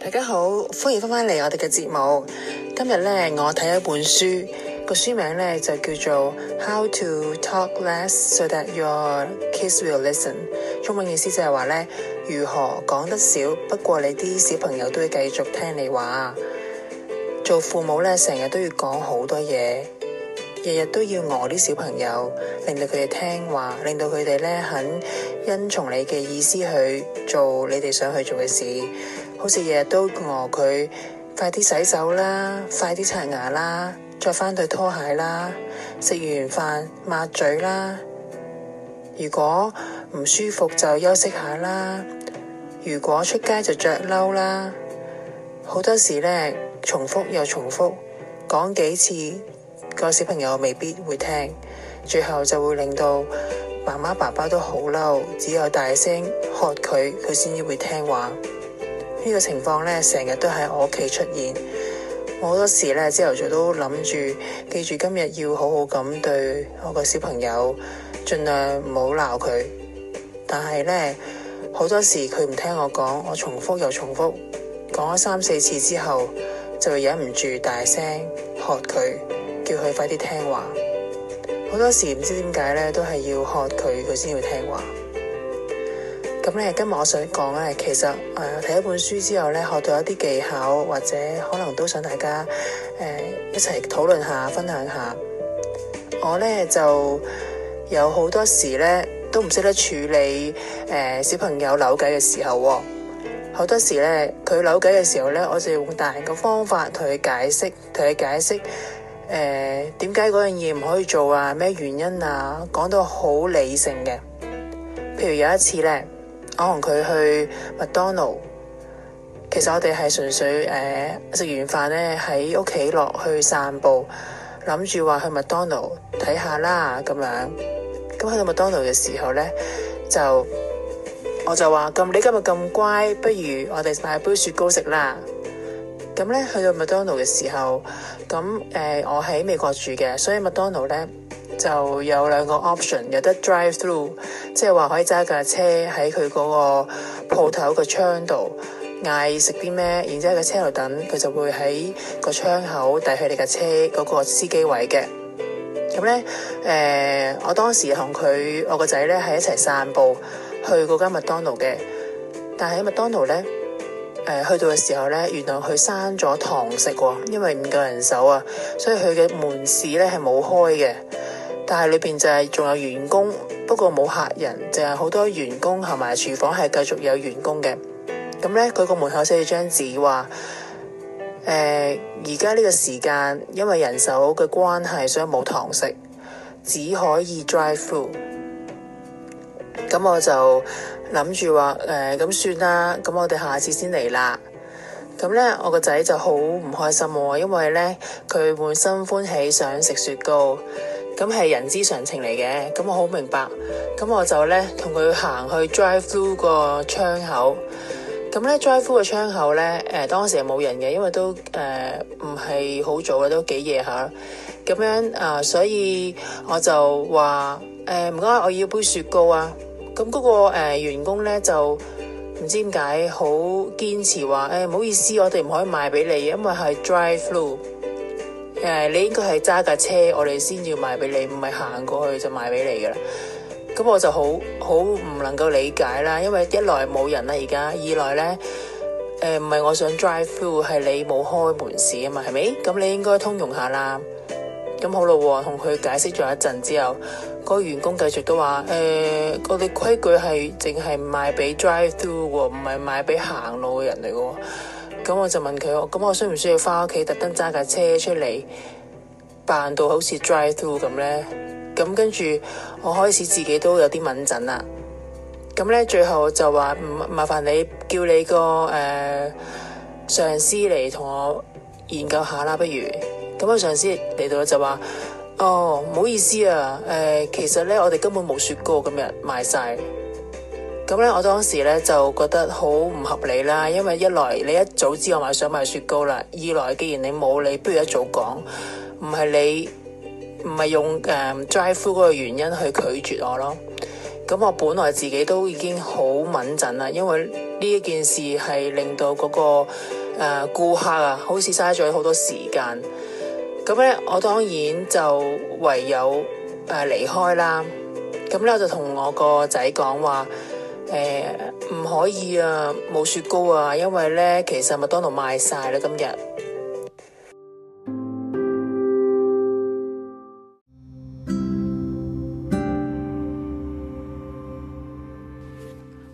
大家好，歡迎返返嚟我哋嘅節目。今日呢，我睇一本書，個書名呢就叫做《How to Talk Less So That Your Kids Will Listen》。中文意思就係話呢，如何講得少，不過你啲小朋友都會繼續聽你話。做父母呢，成日都要講好多嘢。日日都要餓啲小朋友，令到佢哋聽話，令到佢哋咧肯因從你嘅意思去做你哋想去做嘅事。好似日日都餓佢，快啲洗手啦，快啲刷牙啦，著翻對拖鞋啦，食完飯抹嘴啦。如果唔舒服就休息下啦。如果出街就着褸啦。好多時咧重複又重複講幾次。個小朋友未必會聽，最後就會令到媽媽爸爸都好嬲，只有大聲喝佢，佢先至會聽話。呢個情況咧，成日都喺我屋企出現。我好多時咧，朝頭早都諗住記住今日要好好咁對我個小朋友，盡量唔好鬧佢。但係咧，好多時佢唔聽我講，我重複又重複，講咗三四次之後，就會忍唔住大聲喝佢。叫佢快啲聽話，好多時唔知點解咧，都係要喝佢，佢先會聽話。咁咧，今日我想講咧，其實誒睇、呃、一本書之後咧，學到一啲技巧，或者可能都想大家誒、呃、一齊討論下、分享下。我咧就有好多時咧都唔識得處理誒、呃、小朋友扭計嘅時候、哦，好多時咧佢扭計嘅時候咧，我就用大人嘅方法同佢解釋，同佢解釋。誒、呃，點解嗰樣嘢唔可以做啊？咩原因啊？講到好理性嘅。譬如有一次咧，我同佢去麥當勞，其實我哋係純粹誒食、呃、完飯咧喺屋企落去散步，諗住話去麥當勞睇下啦咁樣。咁去到麥當勞嘅時候咧，就我就話咁，你今日咁乖，不如我哋買杯雪糕食啦。咁咧去到麥當勞嘅時候，咁誒、呃、我喺美國住嘅，所以麥當勞咧就有兩個 option，有得 drive through，即係話可以揸架車喺佢嗰個鋪頭個窗度嗌食啲咩，然之後喺架車度等，佢就會喺個窗口遞去你架車嗰個司機位嘅。咁咧誒，我當時同佢我個仔咧係一齊散步去嗰間麥當勞嘅，但係喺麥當勞咧。誒，去到嘅時候呢，原來佢閂咗堂食，因為唔夠人手啊，所以佢嘅門市呢係冇開嘅。但係裏邊就係仲有員工，不過冇客人，淨係好多員工同埋廚房係繼續有員工嘅。咁呢，佢個門口寫住張紙話：誒、呃，而家呢個時間，因為人手嘅關係，所以冇堂食，只可以 drive through 咁我就。諗住話誒咁算啦，咁、呃、我哋下次先嚟啦。咁咧，我個仔就好唔開心喎、哦，因為咧佢滿心歡喜想食雪糕，咁係人之常情嚟嘅。咁我好明白，咁我就咧同佢行去 drive thru 個窗口。咁咧 drive thru 個窗口咧，誒、呃、當時係冇人嘅，因為都誒唔係好早啊，都幾夜下。咁樣啊、呃，所以我就話誒唔該，我要杯雪糕啊。咁、那、嗰個誒、呃、員工咧就唔知點解好堅持話誒唔好意思，我哋唔可以賣俾你，因為係 drive through 誒、呃，你應該係揸架車，我哋先至賣俾你，唔係行過去就賣俾你噶啦。咁我就好好唔能夠理解啦，因為一來冇人啦而家，二來咧誒唔係我想 drive through，係你冇開門市啊嘛，係咪？咁你應該通融下啦。咁好咯，同佢解釋咗一陣之後，嗰個員工繼續都話，誒、欸，我哋規矩係淨係賣俾 drive through 喎，唔係賣俾行路嘅人嚟嘅。咁我就問佢，咁我需唔需要翻屋企特登揸架車出嚟，扮到好似 drive through 咁咧？咁跟住我開始自己都有啲敏陣啦。咁咧，最後我就話，麻煩你叫你個誒、呃、上司嚟同我研究下啦，不如。咁啊！上司嚟到就話，哦唔好意思啊，誒、呃、其實咧我哋根本冇雪糕今日賣晒。咁咧我當時咧就覺得好唔合理啦，因為一來你一早知我想買雪糕啦，二來既然你冇，你不如一早講，唔係你唔係用誒 dry food 嗰個原因去拒絕我咯，咁我本來自己都已經好敏感啦，因為呢一件事係令到嗰、那個誒、呃、顧客啊，好似嘥咗好多時間。咁咧，我當然就唯有誒離開啦。咁咧，我就同我個仔講話誒，唔可以啊，冇雪糕啊，因為咧，其實麥當勞賣晒啦，今日。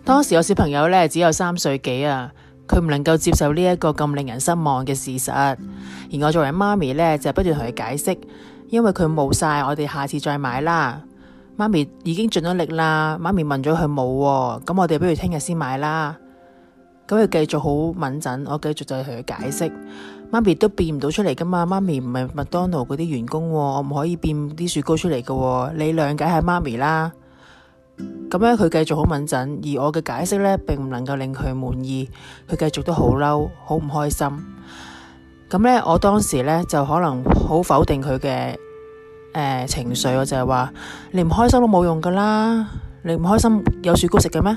當時我小朋友咧只有三歲幾啊。佢唔能夠接受呢一個咁令人失望嘅事實，而我作為媽咪呢，就不斷同佢解釋，因為佢冇晒，我哋下次再買啦。媽咪已經盡咗力啦，媽咪問咗佢冇，咁我哋不如聽日先買啦。咁佢繼續好敏陣，我繼續就同佢解釋，媽咪都變唔到出嚟噶嘛，媽咪唔係麥當勞嗰啲員工，我唔可以變啲雪糕出嚟喎。你諒解下媽咪啦。咁樣佢繼續好敏感，而我嘅解釋咧，並唔能夠令佢滿意。佢繼續都好嬲，好唔開心。咁咧，我當時咧就可能好否定佢嘅誒情緒，我就係話你唔開心都冇用噶啦，你唔開心有雪糕食嘅咩？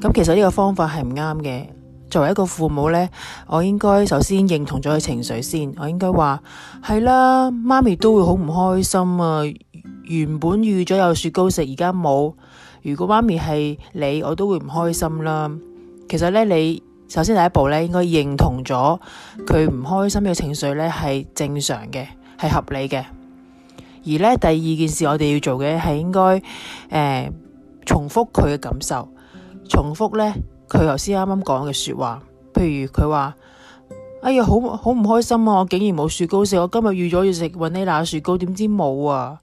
咁其實呢個方法係唔啱嘅。作為一個父母咧，我應該首先認同咗佢情緒先。我應該話係啦，媽咪都會好唔開心啊。原本預咗有雪糕食，而家冇。如果媽咪係你，我都會唔開心啦。其實咧，你首先第一步咧，應該認同咗佢唔開心嘅情緒咧，係正常嘅，係合理嘅。而咧第二件事，我哋要做嘅係應該、呃、重複佢嘅感受，重複咧佢頭先啱啱講嘅說話，譬如佢話：哎呀，好好唔開心啊！我竟然冇雪糕食，我今日預咗要食雲呢拿雪糕，點知冇啊！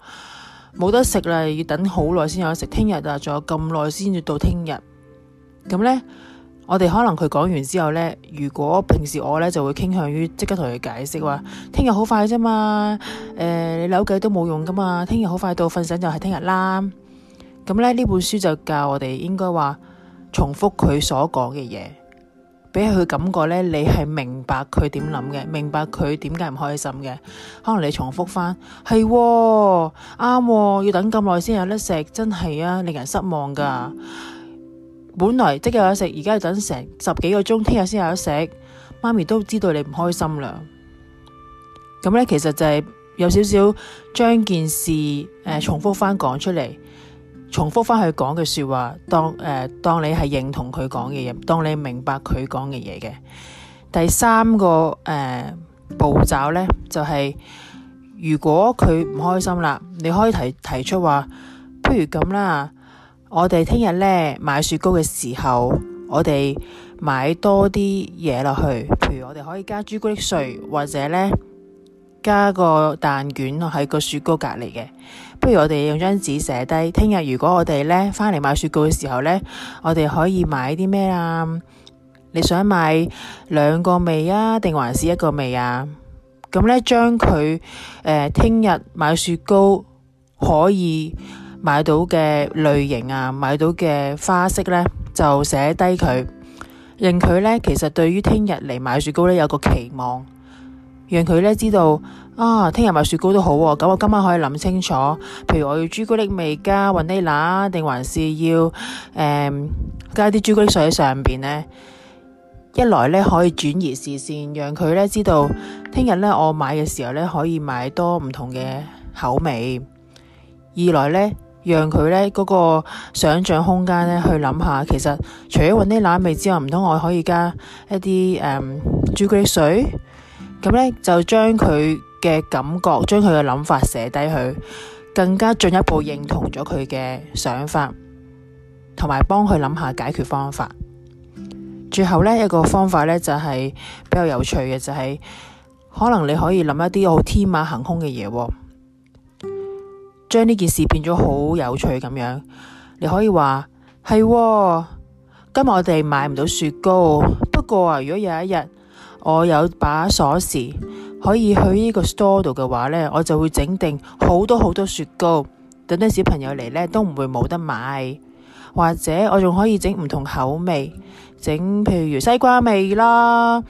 冇得食啦，要等好耐先有得食。聽日啊，仲有咁耐先至到聽日。咁呢，我哋可能佢講完之後呢，如果平時我、呃、呢，就會傾向於即刻同佢解釋話，聽日好快啫嘛。誒，你扭計都冇用噶嘛，聽日好快到瞓醒就係聽日啦。咁呢，呢本書就教我哋應該話重複佢所講嘅嘢。俾佢感覺咧，你係明白佢點諗嘅，明白佢點解唔開心嘅。可能你重複翻，係啱， 要等咁耐先有得食，真係啊，令人失望噶。本來即日有得食，而家等成十幾個鐘，聽日先有得食。媽咪都知道你唔開心啦。咁咧，其實就係有少少將件事、呃、重複翻講出嚟。重複返佢講嘅說話，當誒、呃，當你係認同佢講嘅嘢，當你明白佢講嘅嘢嘅。第三個誒、呃、步驟呢，就係、是，如果佢唔開心啦，你可以提提出話，不如咁啦，我哋聽日呢買雪糕嘅時候，我哋買多啲嘢落去，譬如我哋可以加朱古力碎，或者呢，加個蛋卷喺個雪糕隔籬嘅。不如我哋用張紙寫低，聽日如果我哋呢返嚟買雪糕嘅時候呢，我哋可以買啲咩啊？你想買兩個味啊，定還是一個味啊？咁呢，將佢誒，聽日買雪糕可以買到嘅類型啊，買到嘅花式呢，就寫低佢，令佢呢其實對於聽日嚟買雪糕呢，有個期望。讓佢咧知道啊，聽日買雪糕都好喎。咁我今晚可以諗清楚，譬如我要朱古力味加雲尼拿，定還是要、嗯、加啲朱古力水喺上面呢？一來咧可以轉移視線，讓佢咧知道聽日咧我買嘅時候咧可以買多唔同嘅口味。二來呢讓佢呢嗰個想像空間呢去諗下，其實除咗雲呢拿味之外，唔通我可以加一啲朱古力水？咁咧就將佢嘅感覺，將佢嘅諗法寫低佢，更加進一步認同咗佢嘅想法，同埋幫佢諗下解決方法。最後呢一個方法呢，就係比較有趣嘅，就係可能你可以諗一啲好天馬行空嘅嘢，將呢件事變咗好有趣咁樣。你可以話係，今日我哋買唔到雪糕，不過啊，如果有一日。我有把鎖匙，可以去呢個 store 度嘅話呢，我就會整定好多好多雪糕，等啲小朋友嚟呢，都唔會冇得買。或者我仲可以整唔同口味，整譬如西瓜味啦，誒、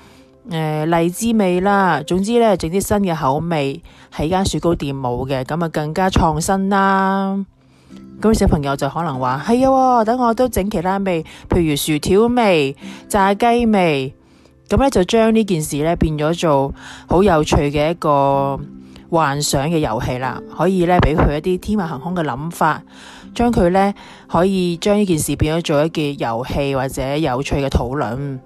呃、荔枝味啦，總之呢，整啲新嘅口味，喺間雪糕店冇嘅，咁啊更加創新啦。咁小朋友就可能話：係啊、哦，等我都整其他味，譬如薯條味、炸雞味。咁咧就將呢件事咧變咗做好有趣嘅一個幻想嘅遊戲啦，可以咧俾佢一啲天馬行空嘅諗法，將佢咧可以將呢件事變咗做一件遊戲或者有趣嘅討論。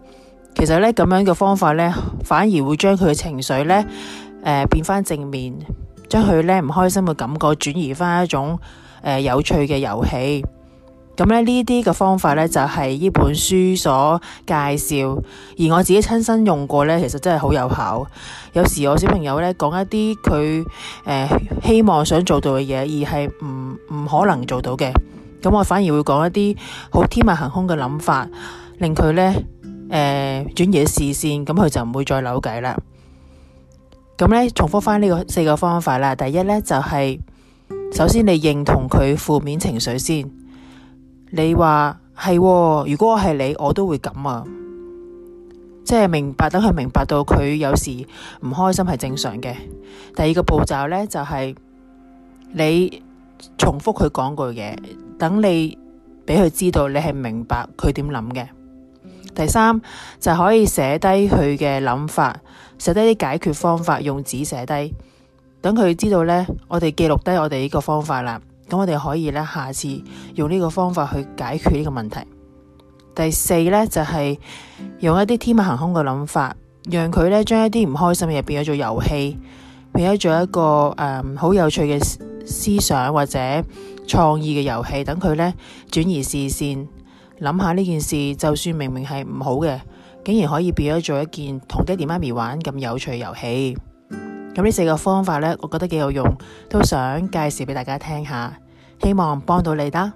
其實咧咁樣嘅方法咧反而會將佢嘅情緒咧誒變翻正面，將佢咧唔開心嘅感覺轉移翻一種誒有趣嘅遊戲。咁呢呢啲嘅方法呢，就係呢本書所介紹，而我自己親身用過呢，其實真係好有效。有時我小朋友呢，講一啲佢希望想做到嘅嘢，而係唔唔可能做到嘅，咁我反而會講一啲好天馬行空嘅諗法，令佢呢誒轉移視線，咁佢就唔會再扭計啦。咁呢，重複翻呢個四個方法啦。第一呢，就係、是、首先你先認同佢負面情緒先。你話係、哦，如果我係你，我都會咁啊，即係明白，等佢明白到佢有時唔開心係正常嘅。第二個步驟呢，就係、是、你重複佢講句嘢，等你俾佢知道你係明白佢點諗嘅。第三就係、可以寫低佢嘅諗法，寫低啲解決方法，用紙寫低，等佢知道呢，我哋記錄低我哋呢個方法啦。咁我哋可以咧，下次用呢個方法去解決呢個問題。第四呢，就係用一啲天馬行空嘅諗法，讓佢呢將一啲唔開心嘅嘢變咗做遊戲，變咗做一個好、嗯、有趣嘅思想或者創意嘅遊戲，等佢呢轉移視線，諗下呢件事就算明明係唔好嘅，竟然可以變咗做一件同爹哋媽咪玩咁有趣嘅遊戲。咁呢四個方法呢，我覺得幾有用，都想介紹俾大家聽下，希望幫到你啦。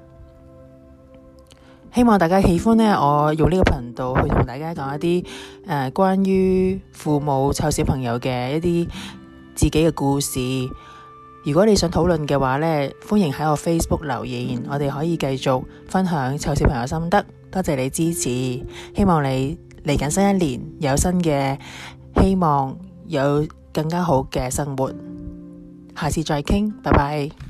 希望大家喜歡呢，我用呢個頻道去同大家講一啲、呃、關於父母湊小朋友嘅一啲自己嘅故事。如果你想討論嘅話呢，歡迎喺我 Facebook 留言，我哋可以繼續分享湊小朋友心得。多謝你支持，希望你嚟緊新一年有新嘅希望有。更加好嘅生活，下次再傾，拜拜。